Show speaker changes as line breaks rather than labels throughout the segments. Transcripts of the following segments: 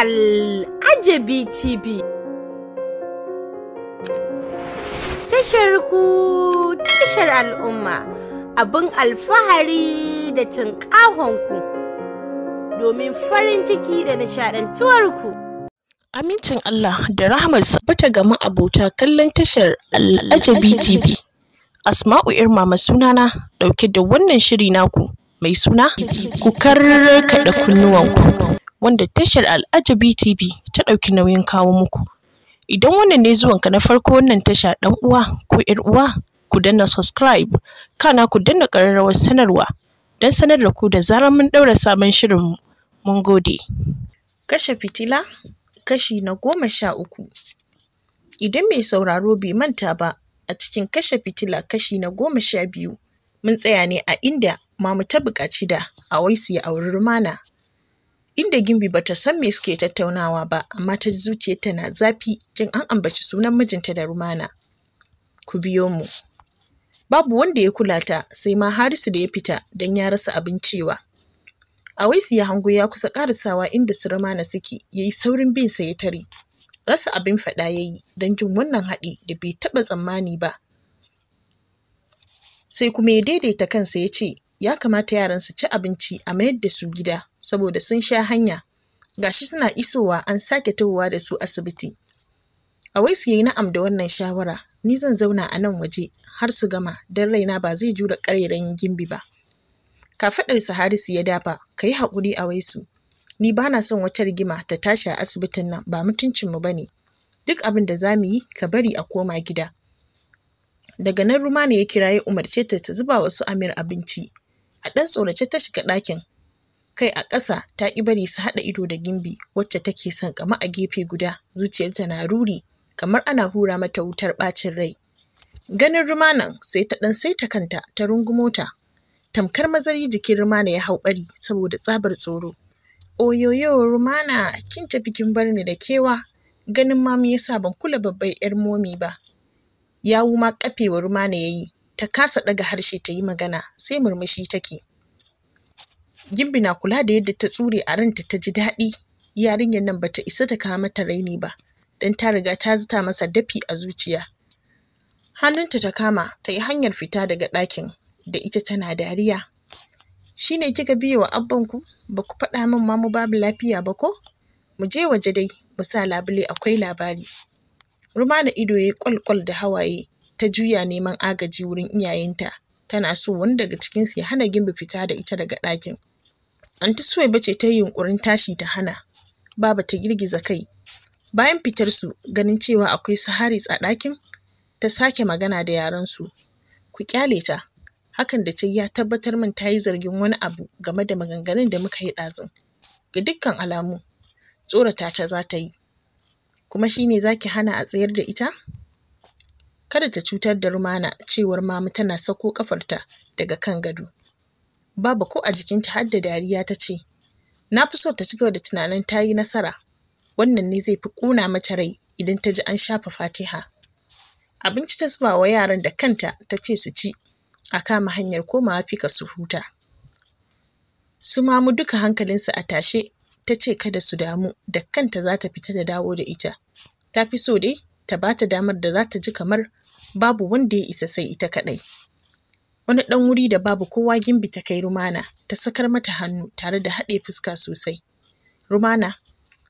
Al'ajabi TV. Tashar ku tashar al'umma abin alfahari da ku domin farin ciki da nishaɗantuwarku. Amincin Allah da rahmarsa bata gama abota kallon tashar Al'ajabi TV. Asma'u Irma sunana ɗauke da wannan shiri naku mai suna ku karkaɗa kunnuwanku. wanda tashar Al'ajabi TV ta ɗauki nauyin kawo muku. Idan wannan ne zuwanka na farko wannan tasha ɗan uwa ko ‘yar uwa ku danna subscribe kana ku danna ƙararrawar sanarwa don sanar da ku da zarar mun ɗaura sabon shirin mun gode. Kashe fitila kashi na goma sha uku. Idan mai sauraro bai manta ba a cikin kashe fitila kashi na goma sha biyu mun tsaya ne a inda mamu ta buƙaci da Awaisu ya auri Rumana inda Gimbi ba ta san me suke tattaunawa ba amma ta zuciyarta na zafi jin an ambaci sunan mijinta da Rumana. Ku biyo mu. Babu wanda ya kula ta sai ma Harisu da ya fita don ya rasa abin cewa. su ya hango ya kusa karasawa inda su Rumana suke ya yi saurin bin sa ya tare. Rasa abin faɗa ya yi don jin wannan haɗi da bai taɓa tsammani ba. Sai kuma ya daidaita kansa ya ce, ya kamata yaran su ci abinci a mayar da su gida saboda sun sha hanya ga shi suna isowa an sake tahowa da su asibiti a wai su yi na'am da wannan shawara ni zan zauna a nan waje har su gama don raina ba zai jura ƙarairayin gimbi ba kafaɗarsa harisu ya dafa ka yi haƙuri a wai su. ni ba na son wata rigima ta tashi a asibitin nan ba mutuncinmu ba ne duk abin da za mu yi ka bari a koma gida daga nan rumana ya kira ya umarce ta ta zuba wasu amir abinci a ɗan tsorace ta shiga ɗakin kai a ƙasa ta ƙi bari su haɗa ido da gimbi wacce take son kama a gefe guda zuciyarta na ruri kamar ana hura mata wutar ɓacin rai ganin rumanan sai ta ɗan saita kanta ta rungumota tamkar mazari jikin rumana ya hau ɓari saboda tsabar tsoro oyoyo rumana kin tafi kin bar da kewa ganin mamu yasa ban kula babbar yar momi ba yawu ma kafewa rumana yayi ta kasa ɗaga harshe ta yi magana sai murmushi take gimbi na kula da yadda ta tsure a ranta ta ji daɗi yarinyar nan bata isa ta kawo mata raini ba don ta riga ta zita masa dafi a zuciya hannunta ta kama ta yi hanyar fita daga ɗakin da ita tana dariya shi ne kika biye wa abbanku ba ku faɗa min mamu babu lafiya ba ko mu je waje dai mu sa labule akwai labari rumana ido ya yi kwalkwal da hawaye ta juya neman agaji wurin iyayenta tana so wani daga cikinsu ya hana Gimbi fita da ita daga ɗakin. Anti Suwaiba ce ta yi yunƙurin tashi ta hana, Baba ta girgiza kai. Bayan fitar su ganin cewa akwai su a ɗakin, ta sake magana da yarensu. Ku kyale ta, hakan da ta ya tabbatar min ta yi zargin wani abu game da maganganun da muka yi ɗazun. Ga dukkan alamu, tsorata ta za ta yi. Kuma shi ne za hana a tsayar da ita? kada ta cutar da rumana cewar mamu tana sako kafarta daga kan gado babu ko a jikinta har da dariya ta ce na fi so ta ci gaba da tunanin ta yi nasara wannan ne zai fi ƙuna mata rai idan ta ji an shafa fatiha abinci ta zuba wa yaran da kanta ta ce su ci a kama hanyar komawa fika su huta su mamu duka hankalinsu a tashe ta ce kada su damu da kanta za ta fita da dawo da ita ta fi so dai ta ba ta damar da za ta ji kamar babu wanda ya isa sai ita kaɗai. Wani ɗan wuri da babu kowa gimbi ta kai Rumana ta sakar mata hannu tare da haɗe fuska sosai. Rumana,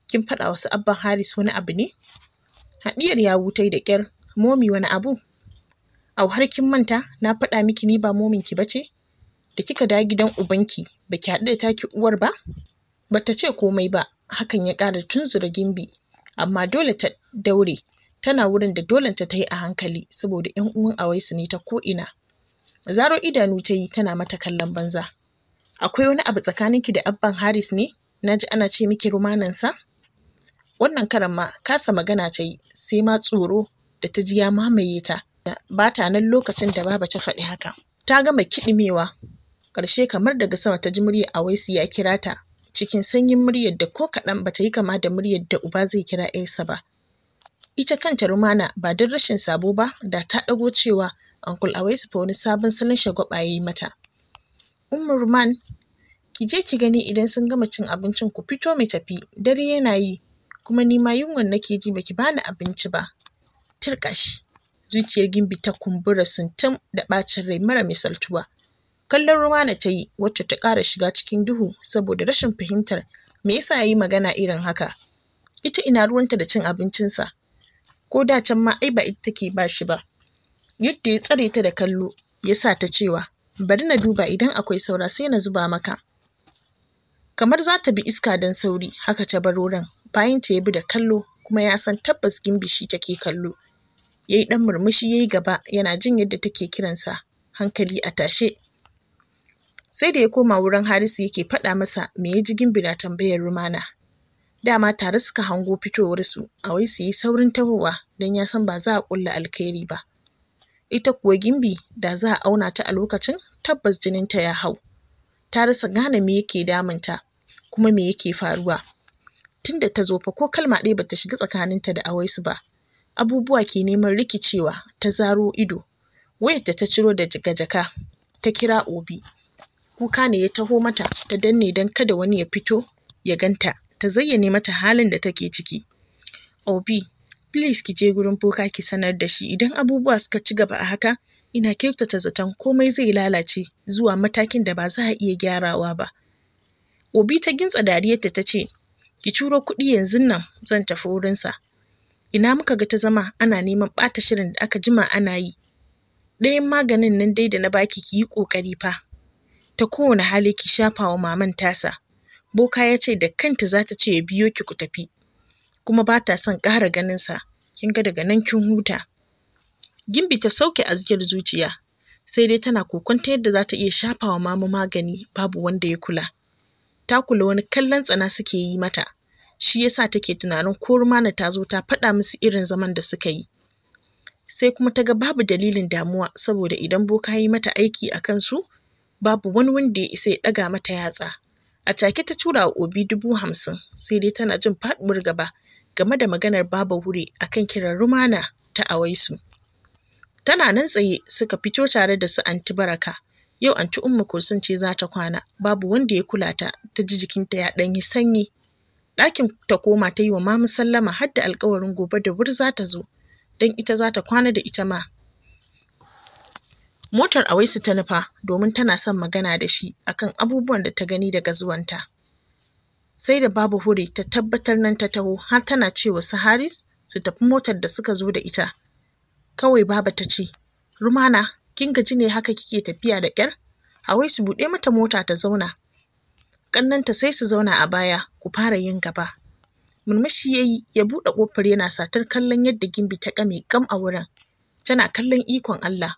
kin faɗa wasu abban Haris wani abu ne? Haɗiyar ya wutai da ƙyar, momi wani abu? Au har kin manta na faɗa miki ni ba mominki ba ce? Da kika da gidan ubanki ba ki haɗu da taki uwar ba? Ba ta ce komai ba, hakan ya ƙara tunzura gimbi, amma dole ta daure tana wurin da dolenta ta yi a hankali saboda ‘yan uwan awaisu ne ta ko'ina. Zaro idanu ta yi tana mata kallon banza. Akwai wani abu tsakaninki da abban Haris ne? Na ji ana ce miki sa. Wannan karan ma kasa magana ta yi sai ma tsoro da ta ji ya mamaye ta. Ba ta nan lokacin da baba ta faɗi haka. Ta gama kiɗimewa. Ƙarshe kamar daga sama ta ji murya Awaisu ya kira ta cikin sanyin muryar da ko kaɗan ba ta yi kama da muryar da uba zai kira ‘yarsa ba. Ita kanta Rumana ba don rashin sabo ba da ta ɗago cewa Uncle fa wani sabon salon shagwaɓa ya yi mata. Umar Ruman, ki je ki gani idan sun gama cin abincin ku fito mai tafi, dare yana yi, kuma ni ma yunwan nake ji baki bani abinci ba. Turƙashi. Zuciyar Gimbi ta kumbura suntum da ɓacin rai mara misaltuwa. Kallon Rumana ta yi wacce ta ƙara shiga cikin duhu saboda rashin fahimtar me yasa ya yi magana irin haka. Ita ina ruwanta da cin abincinsa, ko da can ma ai ba ita take ba shi ba yadda ya tsare ta da kallo ya sa ta cewa bari na duba idan akwai saura sai na zuba maka kamar za ta bi iska don sauri haka ta baro ran bayan ta ya bi da kallo kuma ya san tabbas gimbishi take kallo ya yi ɗan murmushi ya yi gaba yana jin yadda take kiransa hankali a tashe sai da ya koma wurin harisu yake faɗa masa me ya ji gimbi na tambayar rumana dama tare suka hango fitowarsu a wai su yi saurin tahowa don ya san ba za a ƙulla alkhairi ba ita kuwa gimbi da za a auna ta a lokacin tabbas jininta ya hau ta rasa gane me yake ta, kuma me yake faruwa tunda ta zo fa ko kalma ɗaya bata shiga tsakaninta da a awaisu ba abubuwa ke neman rikicewa ta zaro ido wayarta ta ciro da jaka-jaka ta kira obi kuka ne ya taho mata ta danne don kada wani ya fito ya ganta ta zayyane mata halin da take ciki. Obi, please ki je gurin boka ki sanar da shi idan abubuwa suka ci gaba a haka ina kyautata zaton komai zai lalace zuwa matakin da ba za a iya gyarawa ba. Obi ta gintsa dariyarta ta ce, ki turo kuɗi yanzu nan zan tafi wurinsa. Ina muka ga ta zama ana neman ɓata shirin da aka jima ana yi. Ɗayan maganin nan dai da na baki ki yi ƙoƙari fa. Ta kowane hali ki shafa wa maman tasa. boka ya ce da kanta za ta ce ya biyo ki ku tafi kuma ba ta son ƙara ganinsa kin ga daga nan kin huta gimbi ta sauke zikin zuciya sai dai tana ta yadda za ta iya shafa wa mamu magani babu wanda ya kula ta kula wani kallon tsana suke yi mata shi yasa take tunanin ko rumana ta zo ta faɗa musu irin zaman da suka yi sai kuma ta ga babu dalilin damuwa saboda idan boka yi mata aiki a kansu babu wani wanda ya isa ya ɗaga mata yatsa a take ta tura wa obi dubu hamsin sai dai tana jin faɗuwar gaba game da maganar baba wuri kan kiran rumana ta awaisu tana nan tsaye suka fito tare da su anti baraka yau anti umma kursun ce za ta kwana babu wanda ya kula ta ta ji jikinta ya ɗan sanyi ɗakin ta koma ta yi wa mamu sallama har da alkawarin gobe da wuri za ta zo don ita za ta kwana da ita ma motar awaisu ta nufa domin tana son magana da shi akan abubuwan da ta gani daga zuwanta sai da babu hure ta tabbatar nan ta taho har tana cewa wa su haris su tafi motar da suka zo da ita kawai baba ta ce rumana kin gaji ne haka kike tafiya da ƙyar su buɗe mata mota ta zauna ƙannanta sai su zauna a baya ku fara yin gaba murmushi ya yi ya buɗe ƙofar yana satar kallon yadda gimbi ta ƙame ƙam a wurin tana kallon ikon Allah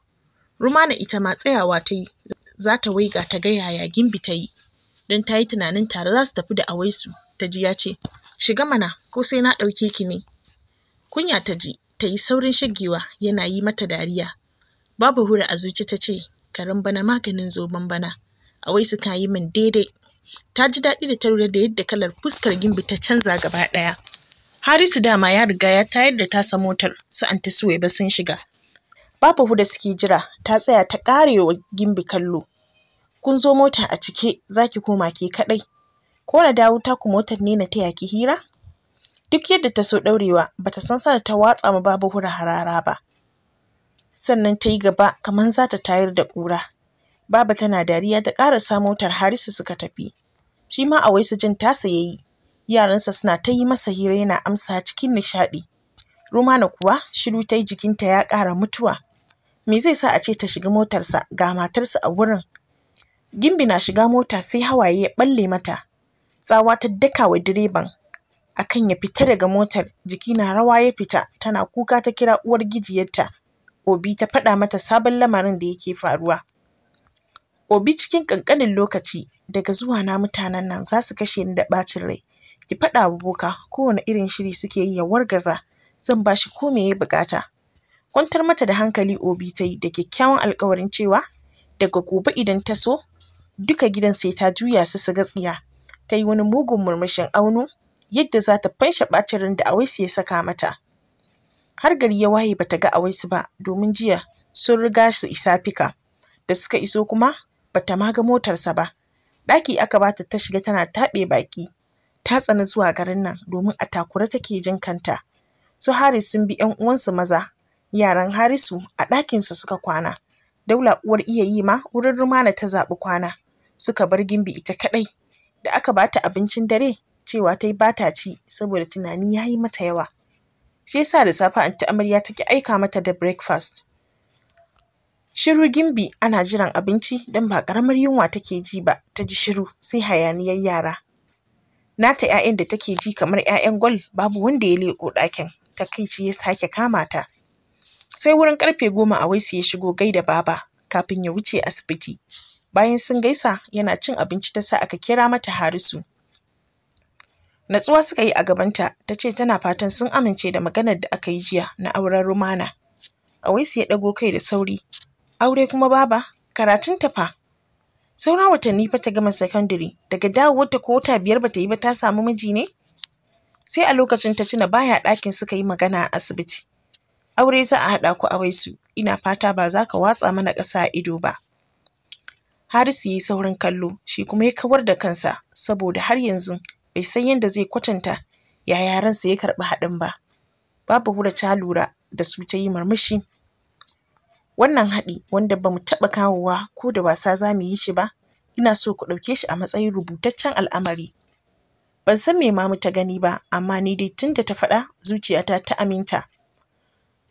Rumana ita ma tsayawa ta yi za ta waiga ta ga yaya Gimbi ta yi don ta yi tunanin tare za su tafi da awaisu ta ji ya ce shiga mana ko sai na ɗauke ki ne. Kunya ta ji ta yi saurin shigewa yana yi mata dariya. Babu hura a zuci ta ce karen bana maganin zoben bana awaisu ka yi min daidai. Ta ji daɗi da ta da yadda kalar fuskar Gimbi ta canza gaba ɗaya. Harisu dama ya riga ya tayar da tasa motar su anti Suwaiba sun shiga Babu huda suke jira ta tsaya ta ƙarewa Gimbi kallo. Kun zo mota a cike za ki koma ke kaɗai. Ko na dawo taku motar ne na taya ki hira? Duk yadda ta so ɗaurewa ba ta san sana ta watsa ma babu hura harara ba. Sannan ta yi gaba kamar za ta tayar da ƙura. Baba tana dariya ta sa motar Harisu suka tafi. Shi ma a waisu jin tasa ya yi. Yaransa suna ta yi masa hira yana amsa cikin nishaɗi. Rumana kuwa shiru ta yi jikinta ya ƙara mutuwa. me zai sa a ce ta shiga motarsa ga matarsa a wurin gimbi na shiga mota sai hawaye ya balle mata tsawa ta daka wa direban akan ya fita daga motar jiki na rawa ya fita tana kuka ta kira uwar gijiyarta obi ta faɗa mata sabon lamarin da yake faruwa obi cikin ƙanƙanin lokaci daga zuwa na mutanen nan za su kashe ni da ɓacin rai ki faɗa wa boka kowane irin shiri suke yi ya wargaza zan ba shi ko me ya buƙata Kwantar mata da hankali Obi ta yi da kyakkyawan alƙawarin cewa daga gobe idan ta so duka gidan sai ta juya su su ga tsiya. Ta yi wani mugun murmushin auno yadda za ta fanshe ɓacin ran da Awaisu ya saka mata. Har gari ya waye bata ga Awaisu ba domin jiya sun riga su isa fika. Da suka iso kuma bata ma ga motarsa ba. Ɗaki aka bata ta shiga tana taɓe baki. Ta tsana zuwa garin nan domin a takura take jin kanta. Su Haris sun bi 'yan uwansu maza Yaran Harisu a ɗakinsa suka kwana. Daula uwar iya yi ma wurin rumana ta zaɓi kwana. Suka bar gimbi ita kaɗai. Da aka bata abincin dare cewa ta yi bata ci saboda tunani ya yi mata yawa. Shi yasa da safe anti amarya ta ki aika mata da breakfast. Shiru gimbi ana jiran abinci don ba ƙaramar yunwa take ji ba, ta ji shiru sai hayaniyar yara. Nata ‘ya'yan da take ji kamar ‘ya'yan gwal babu wanda ya leƙo ɗakin, ta kaici ya sake kama ta. sai wurin karfe goma a waisu ya shigo "Gai da baba kafin ya wuce asibiti bayan sun gaisa yana cin abinci ta sa aka kira mata harisu natsuwa suka yi a gabanta ta ce tana fatan sun amince da maganar da aka yi jiya na auren rumana awaisu ya ɗago kai da sauri aure kuma baba karatun ta fa saura watanni fa ta gama sakandare daga dawowarta ko wata biyar bata yi ba ta samu miji ne sai a lokacin ta tuna baya ɗakin suka yi magana a asibiti aure za a haɗa ku a su, ina fata ba za ka watsa mana ƙasa a ido ba harisu ya yi saurin kallo shi kuma ya kawar da kansa saboda har yanzu bai san yadda zai kwatanta ya yaransa ya karɓi haɗin ba babu hura ta lura da su ta yi murmushi wannan haɗi wanda bamu taɓa kawowa ko da wasa za mu yi shi ba ina so ku ɗauke shi a matsayin rubutaccen al'amari ban san me ma mu ta gani ba amma ni dai tunda ta faɗa zuciyata ta aminta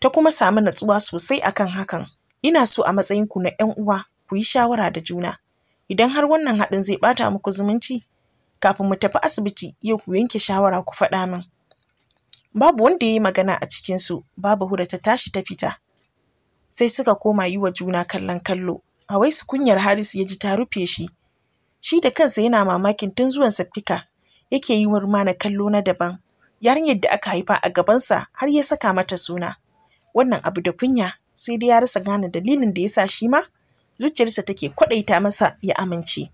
ta kuma samu natsuwa sosai akan hakan ina so a matsayin ku na 'yan uwa ku yi shawara da juna idan har wannan haɗin zai ɓata muku zumunci kafin mu tafi asibiti yau ku yanke shawara ku faɗa min babu wanda ya yi magana a cikinsu babu hura ta tashi ta fita sai suka koma yi wa juna kallon kallo a wai su kunyar harisu ya ji ta rufe shi shi da kansa yana mamakin tun zuwan saftika yake yi wa na kallo na daban yarinyar da aka haifa a gabansa har ya saka mata suna wannan abu da kunya sai dai ya rasa gane dalilin da ya sa shi ma zuciyarsa take kwaɗaita masa ya amince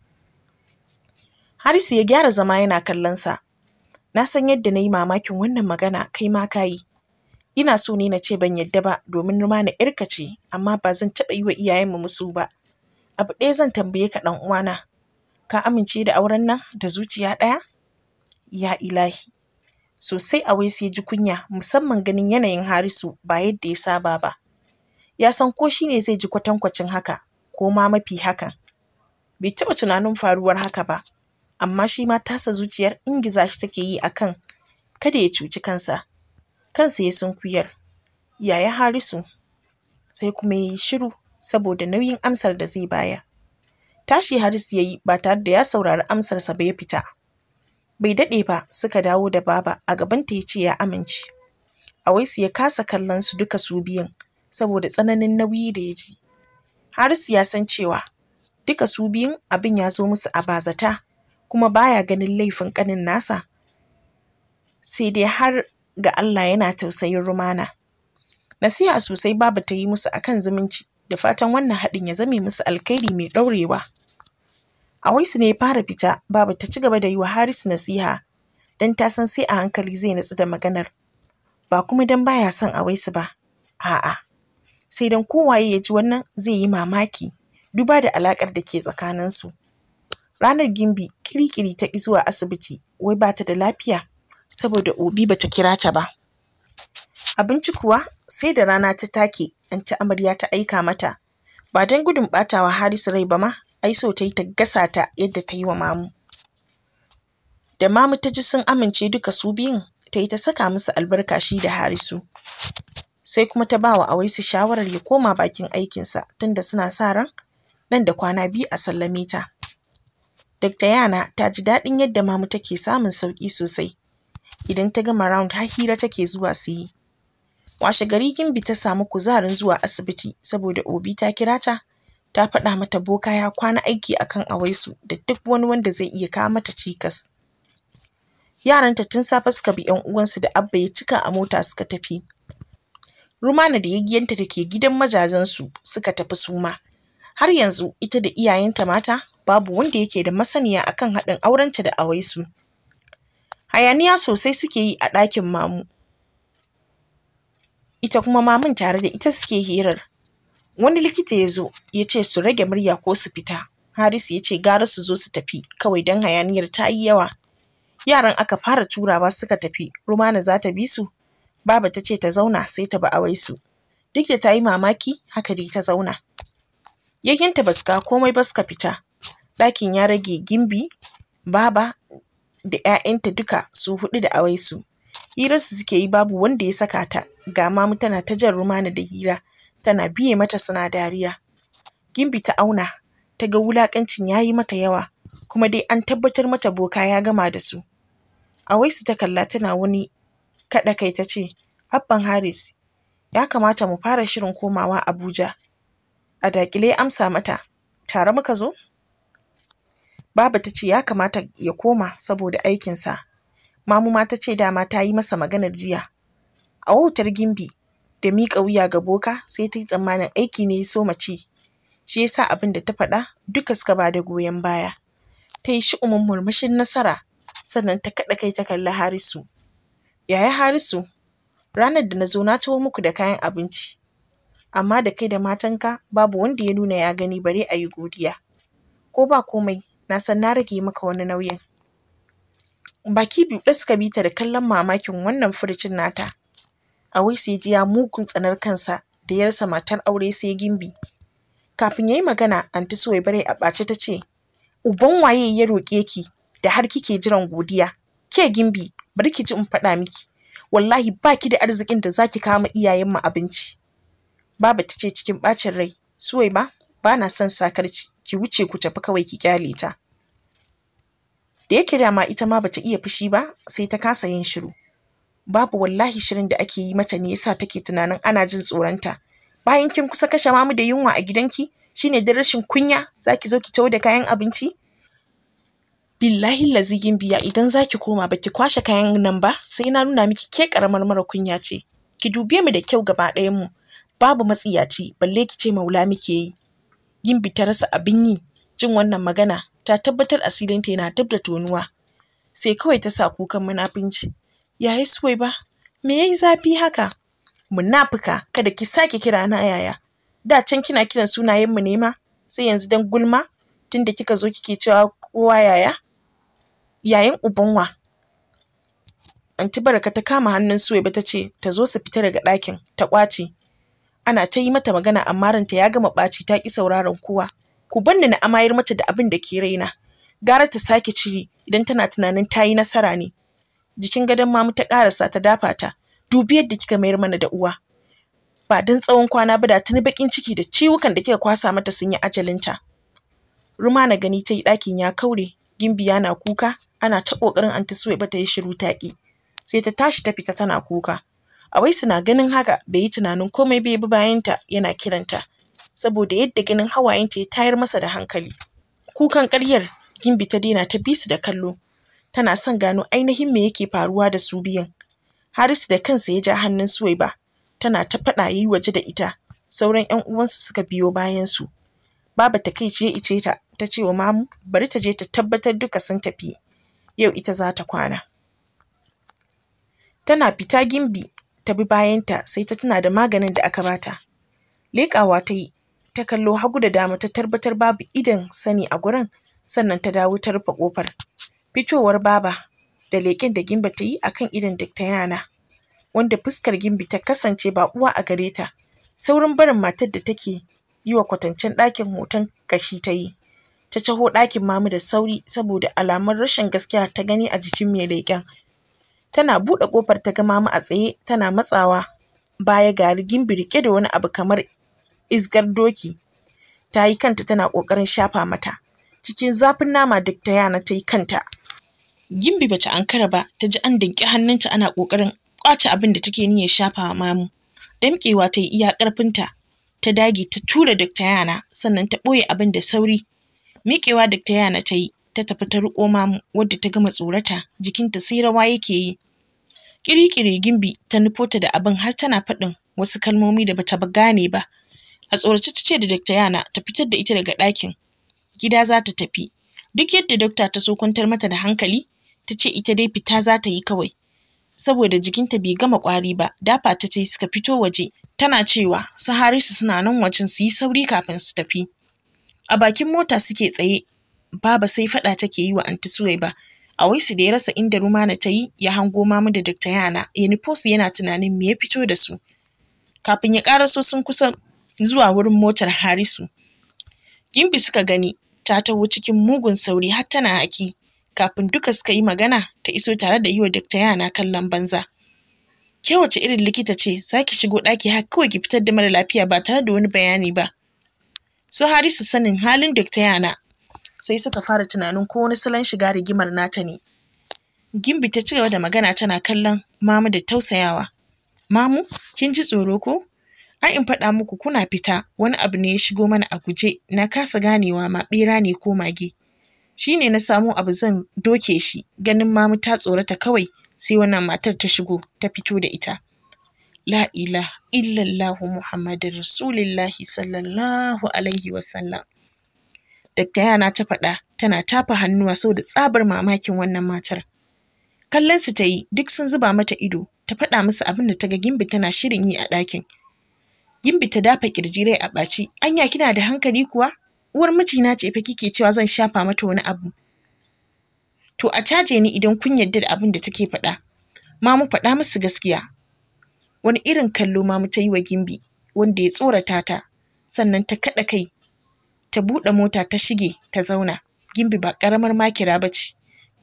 harisu ya gyara zama yana kallonsa na san yadda na yi mamakin wannan magana kai ma ka ina so ne na ce ban yadda ba domin nima na irka ce amma ba zan taɓa yi wa iyayenmu musu ba abu ɗaya zan tambaye ka ɗan uwana ka amince da auren nan da zuciya ɗaya ya ilahi sosai a Awaisu ya ji kunya musamman ganin yanayin Harisu ba yadda ya saba ba. Ya san ko shi ne zai ji kwatankwacin haka ko ma mafi hakan. Bai taɓa tunanin faruwar haka ba, amma shi ma tasa zuciyar ingiza shi take yi a kan kada ya cuci kansa. Kansa ya sunkuyar. Yaya Harisu sai kuma ya yi shiru saboda nauyin amsar da zai bayar. Tashi Harisu ya yi ba tare da ya saurari amsarsa ba ya fita. bai daɗe ba suka dawo da baba a gabanta ya ce ya amince A awaisu ya kasa kallon su duka su biyan saboda tsananin nauyi da ya ji harisu ya san cewa duka su biyun abin ya zo musu a bazata kuma baya ganin laifin ƙanin nasa sai dai har ga Allah yana tausayin rumana nasiha sosai baba ta yi musu akan zumunci da fatan wannan haɗin ya zame musu alkhairi mai ɗaurewa a waisu ne ya fara fita babu ta ci gaba da yi wa harisu nasiha don ta san sai a hankali zai natsu da maganar ba kuma don baya son a waisu ba a'a sai don kowaye ya ji wannan zai yi mamaki duba da alaƙar da ke tsakaninsu ranar gimbi kirikiri ta ƙi zuwa asibiti wai ba ta da lafiya saboda obi ba ta kira ta ba abinci kuwa sai da rana ta take an ta amarya ta aika mata ba don gudun ɓatawa harisu rai ba ma ai so ta yi ta gasa ta yadda ta yi wa mamu da mamu ta ji sun amince duka su biyun ta yi ta saka musu albarka shi da harisu sai kuma ta ba wa awaisu shawarar ya koma bakin aikinsa tunda suna sa ran nan da kwana biyu a sallame ta Dr. Yana ta ji daɗin yadda mamu take samun sauƙi sosai idan ta gama round har hira take zuwa su yi. Washe gari Gimbi ta samu kuzarin zuwa asibiti saboda Obi ta kira ta ta faɗa mata boka ya kwana aiki akan awaisu da duk wani wanda zai iya kawo mata cikas yaranta tun safe suka bi yan uwansu da abba ya cika a mota suka tafi rumana da yagiyanta da ke gidan majajensu suka tafi suma har yanzu ita da iyayenta mata babu wanda yake da masaniya akan haɗin aurenta da awaisu hayaniya sosai suke yi a ɗakin mamu ita kuma mamun tare da ita suke hirar wani likita ya zo ya ce su rage murya ko su fita harisu ya ce gara su zo su tafi kawai don hayaniyar ta yi yawa yaran aka fara turawa suka tafi rumana za ta bi su baba ta ce ta zauna sai ta ba awai su duk da ta yi mamaki haka dai ta zauna yakinta ba su komai ba suka fita ɗakin ya rage gimbi baba da 'ya'yanta duka su hudu da awaisu hirarsu suke yi babu wanda ya saka ta ga mamu tana ta jan rumana da hira tana biye mata suna dariya. Gimbi ta auna, ta ga wulaƙancin ya yi mata yawa, kuma dai an tabbatar mata boka ya gama da su. A su ta kalla tana wani kaɗa kai ta ce, Abban Haris, ya kamata mu fara shirin komawa Abuja. A dakile amsa mata, tare muka zo? Baba ta ce ya kamata ya koma saboda aikinsa. Mamu ma ta ce dama ta yi masa maganar jiya. A wautar Gimbi da miƙa wuya ga boka sai ta yi tsammanin aiki ne ya so mace shi yasa sa abin da ta faɗa duka suka ba da goyon baya ta yi shi'umin murmushin nasara sannan ta kaɗa kai ta kalli harisu yaya harisu ranar da na zo na taho muku da kayan abinci amma da kai da matanka babu wanda ya nuna ya gani bare a yi godiya ko ba komai na san na rage maka wani nauyin baki biyu buɗe suka bi ta da kallon mamakin wannan furucin nata A ji ya mugun tsanar kansa da ya rasa matar aure sai Gimbi. Kafin yayi magana, Anti bare a bace ta ce, Uban waye ya roke ki da har kike jiran godiya? Ke Gimbi, bari ki ji in faɗa miki. Wallahi ba ki da arzikin da zaki kama iyayen mu abinci. Baba ta ce cikin ɓacin rai, Suwaiba, ba na son sakarci, ki wuce ku tafi kawai ki kyale ta. Da yake dama ita ma bata iya fushi ba, sai ta kasa yin shiru. babu wallahi shirin da ake yi mata ne yasa take tunanin ana jin tsoronta bayan kin kusa kashe mamu da yunwa a gidanki shine da rashin kunya zaki zo ki tawo da kayan abinci billahi lazigin biya idan zaki koma baki kwashe kayan nan ba sai na nuna miki ke karamar mara kunya ce ki dube mu da kyau gaba ɗayan mu babu matsiyaci balle ki ce maula muke yi yin ta rasa abin yi jin wannan magana ta tabbatar asirinta yana dab da tonuwa sai kawai ta sa kukan munafunci Yaya Suwaiba, me ya yi zafi haka? Munafuka, kada ki sake kira na yaya. Da can kina kiran sunayenmu, mu ne ma, sai yanzu dan gulma tunda kika zo kike cewa kowa yaya. Yayin ubanwa. Anti Baraka ta kama hannun Suwaiba ta ce ta zo su fita daga ɗakin ta ƙwace. Ana ta yi mata magana amma ranta ya gama ɓaci ta ki sauraron kowa. Ku banni na amayar mata da abin da ke raina. Gara ta sake ciri idan tana tunanin ta yi nasara ne. jikin gadon mamu ta karasa ta dafa ta dubi yadda kika mayar mana da uwa ba don tsawon kwana ba da tuni bakin ciki da ciwukan da kika kwasa mata sun yi ajalinta na gani ta yi ɗakin ya kaure gimbiya na kuka ana ta ƙoƙarin an ta ba ta yi shiru taƙi sai ta tashi ta fita tana kuka A wai suna ganin haka bai yi tunanin komai bai bi bayanta yana kiranta saboda yadda ganin hawayenta ya tayar masa da hankali kukan ƙaryar gimbi ta daina ta bisu da kallo tana son gano ainihin me yake faruwa da su biyan. Harisu da kansa ya ja hannun Suwaiba tana ta faɗa yi waje da ita sauran 'yan uwansu suka biyo bayansu. su. Baba ta kai ce ice ta ta ce wa mamu bari ta je ta tabbatar duka sun tafi yau ita za ta kwana. Tana fita gimbi ta bi bayanta sai ta tuna da maganin da aka bata. Leƙawa ta yi ta kallo hagu da dama ta tabbatar babu idon sani a gurin sannan ta dawo ta rufe ƙofar. Fitowar Baba da leƙen da gimbi ta yi a kan idon ta Yana, wanda fuskar Gimbi ta kasance ba uwa a gare ta, saurin barin matar da take yi wa kwatancen ɗakin hoton ƙashi ta yi. Ta taho ɗakin mamu da sauri saboda alamun rashin gaskiya ta gani a jikin mai leƙen. Tana buɗe ƙofar ta ga mamu a tsaye tana matsawa baya gari Gimbi riƙe da wani abu kamar isgar doki. Ta yi kanta tana ƙoƙarin shafa mata. Cikin zafin nama duk ta Yana ta yi kanta. Gimbi bata ankara ba ta ji an dinki hannunta ana ƙoƙarin ƙwace abin da take niyyar shafa mamu. Damƙewa ta yi iya ƙarfinta ta dage ta tura Dr. Yana sannan ta ɓoye abin da sauri. Miƙewa Dr. Yana ta yi ta tafi ta riƙo mamu wadda ta gama tsorata jikinta sai rawa yake yi. Ƙiriƙiri Gimbi ta nufo ta da abin har tana faɗin wasu kalmomi da bata gane ba. A tsorace ta ce da Dr. Yana ta fitar da ita daga ɗakin. Gida za ta tafi. Duk yadda Dokta ta so kwantar mata da hankali, ta ce ita dai fita za ta yi kawai saboda jikinta bai gama kwari ba dafa ta ta suka fito waje tana cewa su harisu suna nan wajen su yi sauri kafin su tafi a bakin mota suke tsaye baba sai faɗa take yi wa anti ba a waisu da ya rasa inda rumana ta yi ya hango mamu da dakta yana ya nufo yana tunanin me ya fito da su kafin ya karaso sun kusa zuwa wurin motar harisu gimbi suka gani ta taho cikin mugun sauri har tana haki kafin duka suka yi magana ta iso tare da yi wa dakta yana kallon banza ke irin likita ce za ki shigo ɗaki haka kawai ki fitar da mara lafiya ba tare da wani bayani ba su harisu sanin halin dakta yana sai suka fara tunanin ko wani salon shiga rigimar nata ne gimbi ta cigaba da magana tana kallon mamu da tausayawa mamu kin ji tsoro ko An in faɗa muku kuna fita wani abu ne ya shigo mana a guje na kasa ganewa ma ɓera ne ko mage shine na samu abu zan doke shi ganin mamu ta tsorata kawai sai wannan matar ta shigo ta fito da ita la ilaha illallahu muhammadin rasulillahi sallallahu alaihi wasallam daga yana ta faɗa tana tafa hannuwa sau da tsabar mamakin wannan matar kallon su ta yi duk sun zuba mata ido ta faɗa musu abin da ta ga gimbi tana shirin yi a ɗakin gimbi ta dafa ƙirji rai a ɓaci anya kina da hankali kuwa uwar mijina ce fa kike cewa zan shafa mata wani abu to a caje ni idan kun yarda da abin da take faɗa ma mu faɗa musu gaskiya wani irin kallo ma mu ta yi wa gimbi wanda ya tsorata ta sannan ta kaɗa kai ta buɗe mota ta shige ta zauna gimbi ba ƙaramar makira ba ce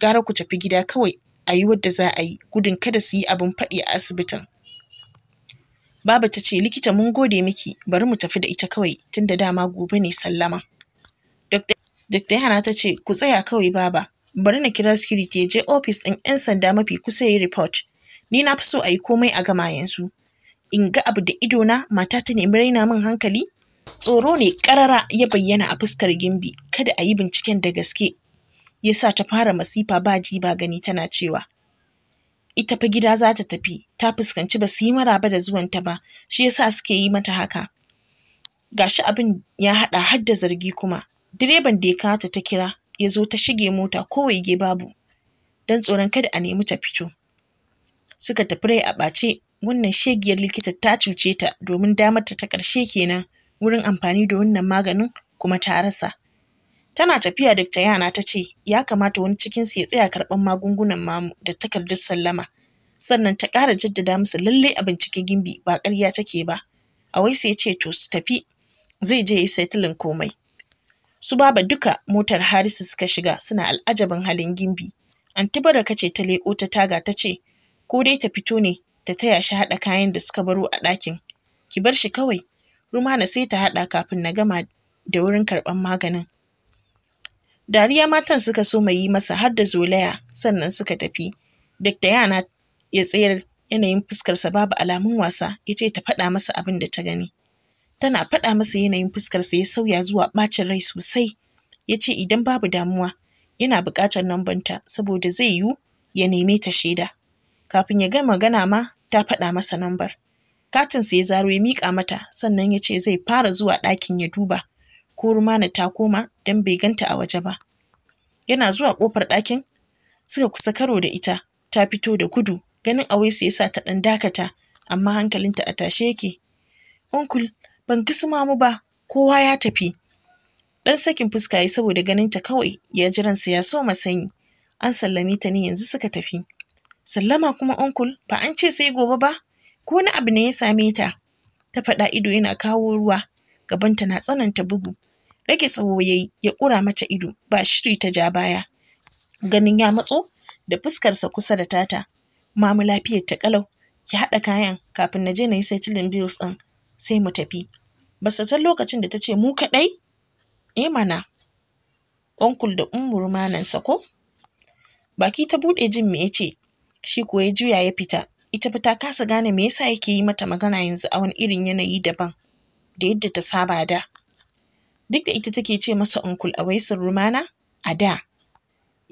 gara ku tafi gida kawai a yi wadda za a yi gudun kada su yi abin faɗi a asibitin Baba ta ce likita mun gode miki bari mu tafi da ita kawai tunda dama gobe ne sallama. Dr. Yahana ta ce, ku tsaya kawai baba, bari na kira security je ofis ɗin 'yan sanda mafi kusa ya report. Ni na fi so a yi komai a gama yanzu. In ga abu da ido na, mata ta nemi raina min hankali? Tsoro ne ƙarara ya bayyana a fuskar Gimbi, kada a yi binciken da gaske. Ya sa ta fara masifa ba ji ba gani tana cewa. Ita fa gida za ta tafi, ta fuskanci ba su yi maraba da zuwanta ba, shi ya sa suke yi mata haka. Gashi abin ya haɗa har da zargi kuma. direban da ya kawo ta ta kira ya zo ta shige mota ko waige babu don tsoron kada a nemi ta fito suka tafi rai a ɓace wannan shegiyar likita ta cuce ta domin damar ta ta ƙarshe kenan wurin amfani da wannan maganin kuma ta rasa tana tafiya ta yana ta ce ya kamata wani cikinsu ya tsaya karɓar magungunan mamu da takardar sallama sannan ta ƙara jaddada musu lallai a bincike gimbi ba ƙarya take ba a wai sai ce to su tafi zai je ya yi saitilin komai su baba duka motar harisu suka shiga suna al'ajabin halin gimbi anti baraka ce ta leƙo ta taga ta ce ko dai ta fito ne ta taya shi haɗa kayan da suka baro a ɗakin ki bar shi kawai rumana sai ta haɗa kafin na gama da wurin karɓan maganin dariya matan suka so mai yi masa har da zolaya sannan suka tafi dakta yana ya tsayar yanayin fuskarsa babu alamun wasa ya ce ta faɗa masa abin da ta gani tana faɗa masa yanayin fuskarsa ya sauya zuwa ɓacin rai sosai ya ce idan babu damuwa yana buƙatar ta saboda zai yiwu ya neme ta shaida kafin ya gama magana ma ta faɗa masa lambar katinsa ya zaro ya miƙa mata sannan ya ce zai fara zuwa ɗakin ya duba ko rumana ta koma don bai ganta a waje ba yana zuwa ƙofar ɗakin suka kusa karo da ita ta fito da gudu ganin awaisu ya sa ta ɗan dakata amma hankalinta a tashe yake uncle ban ga mamu ba kowa ya tafi dan sakin fuska ya saboda ganin ta kawai ya ji ransa ya so sanyi an sallame ta ne yanzu suka tafi sallama kuma onkul ba an ce sai gobe ba ko wani abu ne ya same ta ta faɗa ido yana kawo ruwa gabanta na tsananta bugu rage tsawo yayi ya ƙura mata ido ba shiri ta ja baya ganin ya matso da fuskarsa kusa da tata mamu lafiyar ta kalau ki haɗa kayan kafin na je na yi settling bills ɗin sai mu tafi ba su san lokacin da ta ce mu kaɗai E mana onkul da ummuru manansa ko baki ta buɗe jin me ce shi ko ya juya ya fita ita fa ta kasa gane me yasa yake yi mata magana yanzu a wani irin yanayi daban da yadda ta saba da duk da ita take ce masa onkul a waisin rumana a da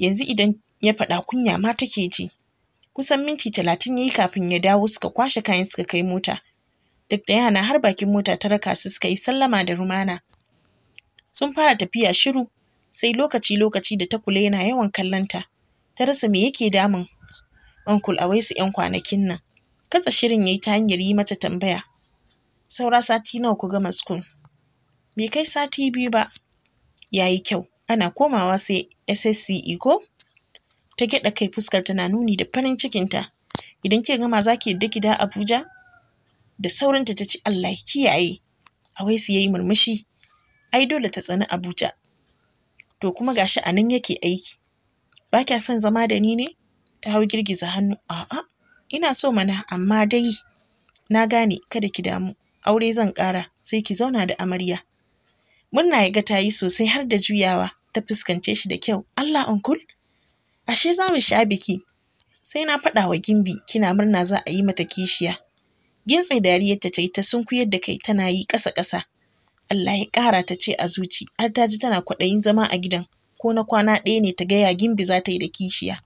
yanzu idan ya faɗa kunya ma take ji kusan minti talatin ya yi kafin ya dawo suka kwashe kayan suka kai mota duk da yana har bakin mota ta raka su suka yi sallama da rumana sun fara tafiya shiru sai lokaci lokaci da ta kula yana yawan kallonta ta rasa me yake damun Uncle Awaisu 'yan kwanakin nan. Katsa shirin yayi ta hanyar yi mata tambaya. Saura sati nawa ku gama school? Bai kai sati biyu ba. yayi kyau, ana komawa sai SSCE ko? Ta gyaɗa kai fuskar tana nuni da farin cikinta. Idan ke gama za ki yadda gida Abuja, da saurinta ta ci Allah kiyaye Awaisu ya yi murmushi ai dole ta tsani Abuja to kuma gashi a nan yake aiki ba kya son zama da ni ne ta hau girgiza hannu a'a ina so mana amma dai na gane kada ki damu aure zan ƙara sai ki zauna da amarya murna ya ga ta yi sosai har da juyawa ta fuskance shi da kyau Allah onkul ashe za mu sha biki sai na faɗa wa gimbi kina murna za a yi mata kishiya Gintse dariyar ta yi ta sunkuyar da kai tana yi ƙasa-ƙasa. Allah ya ƙara ta ce a zuci har ta ji tana kwaɗayin zama a gidan ko na kwana ɗaya ne ta gaya gimbi za ta yi da kishiya.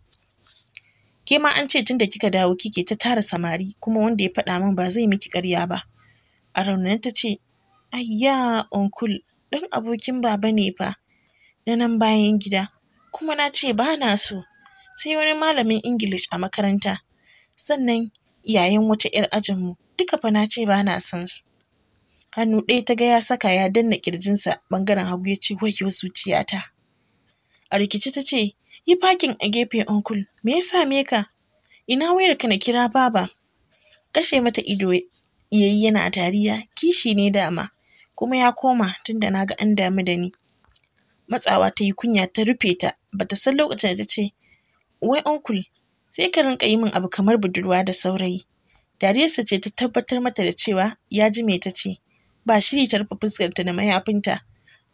Ke ma an ce tun da kika dawo kike ta tara samari kuma wanda ya faɗa min ba zai miki ƙarya ba. A raunin ta ce, Ayya, onkul, ɗan abokin baba ne fa, na nan bayan gida, kuma na ce ba na so, sai wani malamin Ingilish a makaranta, sannan iyayen wata ‘yar ajinmu duka fa na ce ba na san su hannu ɗaya ta ga ya saka ya danna kirjinsa ɓangaren hagu ya ce wayo zuciyata a rikici ta ce yi fakin a gefe uncle me ya same ka ina wayar ka na kira baba kashe mata ido yayi yana tariya kishi ne dama kuma ya koma tunda na ga an damu da ni matsawa ta yi kunya ta rufe ta bata san lokacin da ta ce wai uncle sai ka rinka yi min abu kamar budurwa da saurayi dariyarsa ce ta tabbatar mata da cewa ya ji me ta ce ba shiri ta rufe fuskarta da mayafinta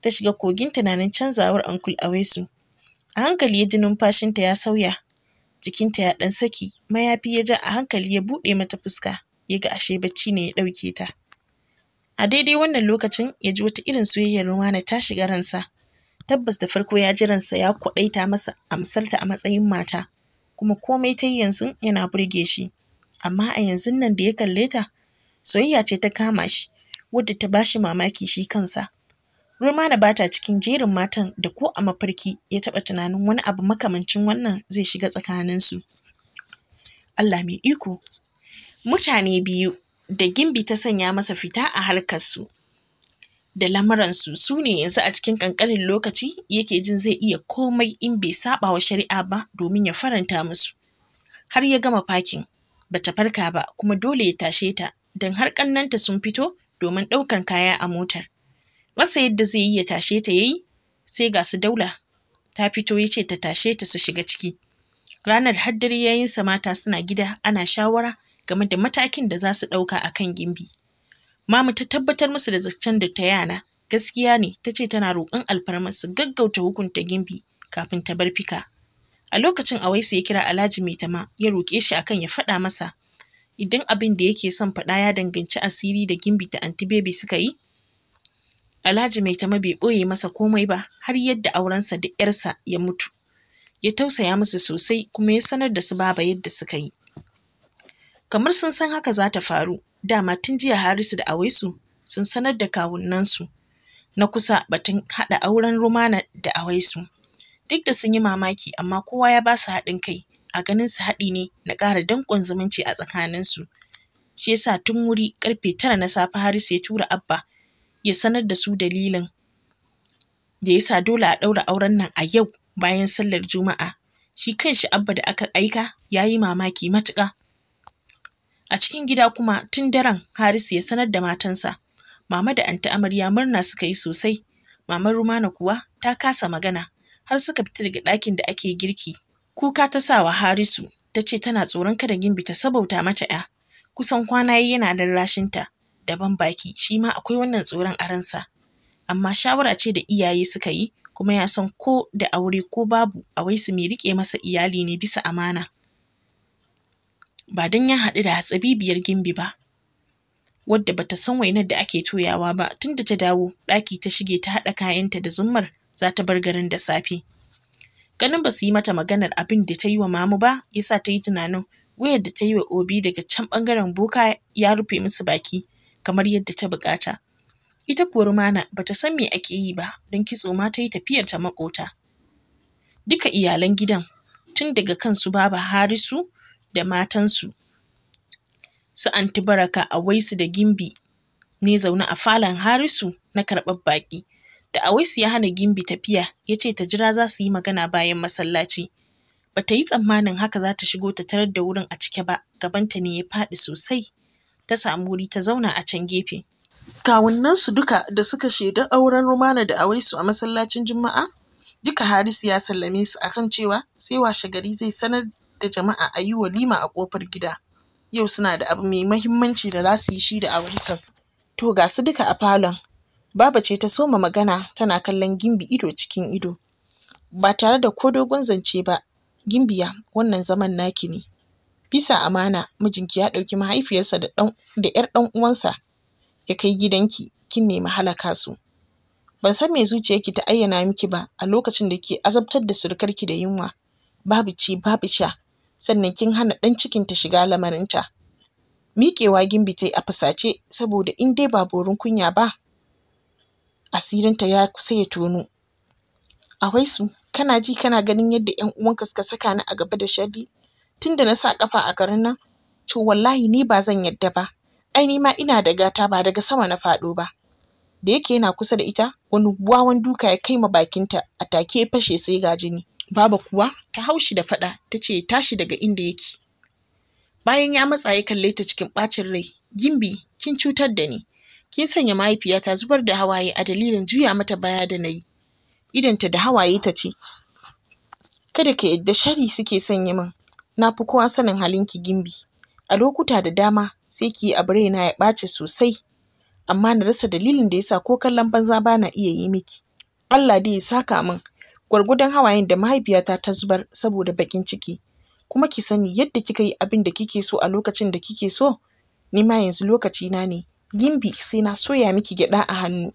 ta shiga kogin tunanin canzawar ankul awesu a hankali ya ji numfashinta ya sauya jikinta ya ɗan saki mayafi ya ja a hankali ya buɗe mata fuska ya ga ashe bacci ne ya ɗauke ta a daidai wannan lokacin ya ji wata irin soyayyar ruwana ta shiga ransa tabbas da farko ya ji ransa ya kwaɗaita masa amsarta a matsayin mata kuma komai ta yanzu yana burge shi amma a yanzun nan da ya kalle ta soyayya ce ta kama shi wadda ta bashi mamaki shi kansa Romana ba ta cikin jerin matan da ko a mafarki ya taɓa tunanin wani abu makamancin wannan zai shiga tsakaninsu. Allah mai iko. Mutane biyu da gimbi ta sanya masa fita a harkar su, da lamuransu su ne yanzu a cikin ƙanƙanin lokaci yake jin zai iya komai in bai saba wa shari'a ba domin ya faranta musu. Har ya gama fakin bata farka ba kuma dole ya tashe ta don har ƙannanta sun fito domin ɗaukar kaya a motar. Masa yadda zai yi ya tashe ta yayi sai ga su daula ta fito ya ce ta tashe ta su shiga ciki. Ranar yayin yayinsa mata suna gida ana shawara game da matakin da za su ɗauka a kan gimbi. Mamu ta tabbatar musu da zaccen da ta yana gaskiya ne ta ce tana roƙon alfarmar su gaggauta hukunta gimbi kafin ta bar fika. a lokacin awaisu ya kira alhaji Maitama ya roƙe shi akan ya faɗa masa idan abin da yake son faɗa ya danganci asiri da gimbi da anti baby suka yi alhaji Maitama bai ɓoye masa komai ba har yadda aurensa da yarsa ya mutu ya tausaya musu sosai kuma ya sanar da su baba yadda suka yi kamar sun san haka za ta faru dama tun jiya harisu da awaisu sun sanar da kawunnansu na kusa batun haɗa auren rumana da awaisu duk da sun yi mamaki amma kowa ya ba su haɗin kai a ganin su haɗi ne na ƙara danƙon zumunci a tsakaninsu shi yasa tun wuri ƙarfe tara na safe Harisu ya tura Abba ya sanar da su dalilin da yasa dole a ɗaura auren nan a yau bayan sallar Juma'a shi kan shi Abba da aka aika ya yi mamaki matuƙa a cikin gida kuma tun daren Harisu ya sanar da matansa mama da anti amarya murna suka yi sosai Mama Rumana kuwa ta kasa magana har suka fita daga ɗakin da ake girki. Kuka ta sa wa Harisu ta ce tana tsoron kada Gimbi ta sabauta mata ‘ya. Kusan kwana yi yana rashinta, daban baki shi ma akwai wannan tsoron a ransa. Amma shawara ce da iyaye suka yi kuma ya san ko da aure ko babu a wai su mai riƙe masa iyali ne bisa amana. Ba don ya haɗu da hatsabibiyar Gimbi ba. wadda bata san wainar da ake toyawa ba tun da ta dawo ɗaki ta shige ta haɗa kayanta da zummar za ta bar garin da safe ganin ba su yi mata maganar abin da ta yi wa mamu ba ya sa ta yi tunanin wayar da ta yi wa obi daga can bangaren boka ya rufe musu baki kamar yadda ta buƙata. ita kuwa rumana ta san me ake yi ba don kitso ma ta yi tafiyar ta makota duka iyalan gidan tun daga kansu baba harisu da matansu su anti baraka a waisu da gimbi ne zaune a falon harisu na karɓar baƙi da awaisu ya hana gimbi tafiya ya ce ta jira za su yi magana bayan masallaci Ba ta yi tsammanin haka za ta shigo ta tarar da wurin a cike ba gabanta ne ya faɗi sosai ta samu wuri ta zauna a can gefe Kawunansu duka da suka shaida auren rumana da awaisu a masallacin juma'a duka Haris ya sallame su a kan cewa sai washe gari zai sanar da jama'a a yi walima a kofar gida yau suna da abu mai mahimmanci da za su yi shi da Awaisu. to ga su duka a falon Baba ce ta soma magana tana kallon Gimbi ido cikin ido. Ba tare da ko dogon zance ba, Gimbiya wannan zaman naki ne. Bisa amana mijinki ya ɗauki mahaifiyarsa da ‘yar ɗan uwansa ya kai gidanki kin nemi halaka su. Ban san me zuciyarki ta ayyana miki ba a lokacin da ke azabtar da surukarki da yunwa. Babu ci babu sha sannan kin hana ɗan ta shiga lamarinta. Miƙewa Gimbi ta yi a fusace saboda in dai ba borin kunya ba asirinta ya kusa ya tono A awaisu kana ji kana ganin yadda yan uwanka suka saka ni a gaba da sharri tunda na sa kafa a garin nan to wallahi ni ba zan yadda ba ai ni ma ina da gata ba daga sama na faɗo ba da yake yana kusa da ita wani wawan duka ya kai ma bakinta a take ya fashe sai ga jini baba kuwa ta haushi da faɗa ta ce tashi daga inda yake bayan ya matsa ya kalle ta cikin ɓacin rai gimbi kin cutar da ni kin sanya mahaifiyata zubar da hawaye a dalilin juya mata baya da na yi. idanta da hawaye ta ce kada ka yadda shari suke sanya min na fi kowa sanin ki gimbi a lokuta da dama sai ki yi abu raina ya ɓace sosai amma na rasa dalilin da yasa ko kallon banza ba na iya yi miki Allah dai ya saka min gwargwadon hawayen da mahaifiyata ta zubar saboda bakin ciki kuma ki sani yadda kika yi abin da kike so a lokacin da kike so ni ma yanzu lokaci na ne gimbi sai na soya miki gyaɗa a hannu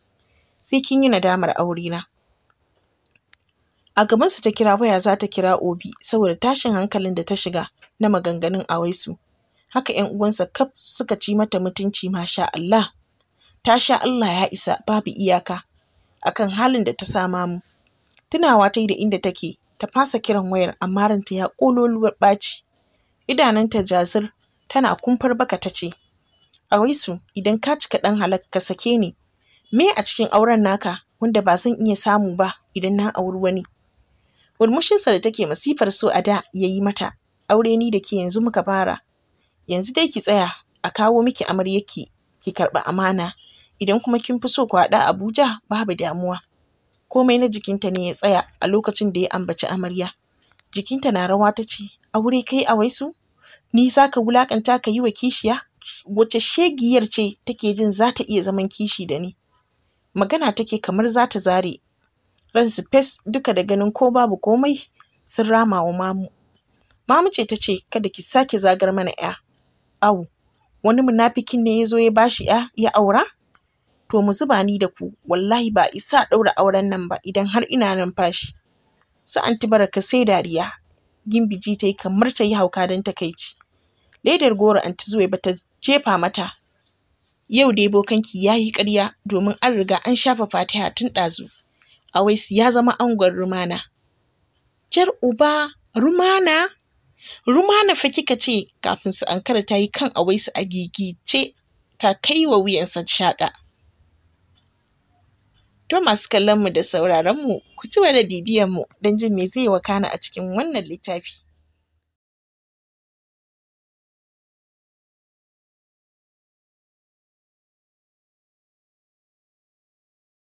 sai kin yi nadamar na. a gabansa ta kira waya za ta kira obi saboda tashin hankalin da ta shiga na maganganun a waisu haka yan uwansa kaf suka ci mata mutunci masha Allah ta sha Allah ya isa babu iyaka akan halin da ta sama mu tunawa ta yi da inda take ta fasa kiran wayar amma ranta ya ƙololuwar ɓaci idananta jazir tana kumfar baka ta ce A Awaisu idan ka cika ɗan halak ka sake ni. Me a cikin auren naka wanda ba zan iya samu ba idan na auri wani? Murmushinsa da take masifar so a da ya yi mata, aure ni da ke yanzu muka fara. Yanzu dai ki tsaya a kawo miki amaryarki ki karɓi amana, idan kuma kin fi so ku haɗa Abuja babu damuwa. Komai na jikinta ne ya tsaya a lokacin da ya ambaci amarya. Jikinta na rawa ta ce, aure kai a Awaisu? Ni za ka wulaƙanta ka yi wa kishiya? wace shegiyar ce take jin za ta iya zaman kishi da ni magana take kamar za ta zare su fes duka da ganin ko babu komai sun rama wa mamu mamu ce ta ce kada ki sake zagar mana ya au wani munafikin ne ya zo ya bashi ya ya aura to mu zuba ni da ku wallahi ba isa ɗaura auren nan ba idan har ina numfashi su anti baraka sai dariya gimbiji ta yi kamar ta yi hauka don takaici ledar goro anti zuwa ba ta jefa mata yau dai bokanki ya yi ƙarya domin an riga an shafa fatiha tun ɗazu awaisu ya zama angon rumana jar uba rumana rumana fa kika ce kafin su ankara ta yi kan awaisu a gigice ta kai wa wuyansa shaƙa to masu kallon mu da sauraronmu mu ku ci da bibiyanmu don jin me zai wakana a cikin wannan littafi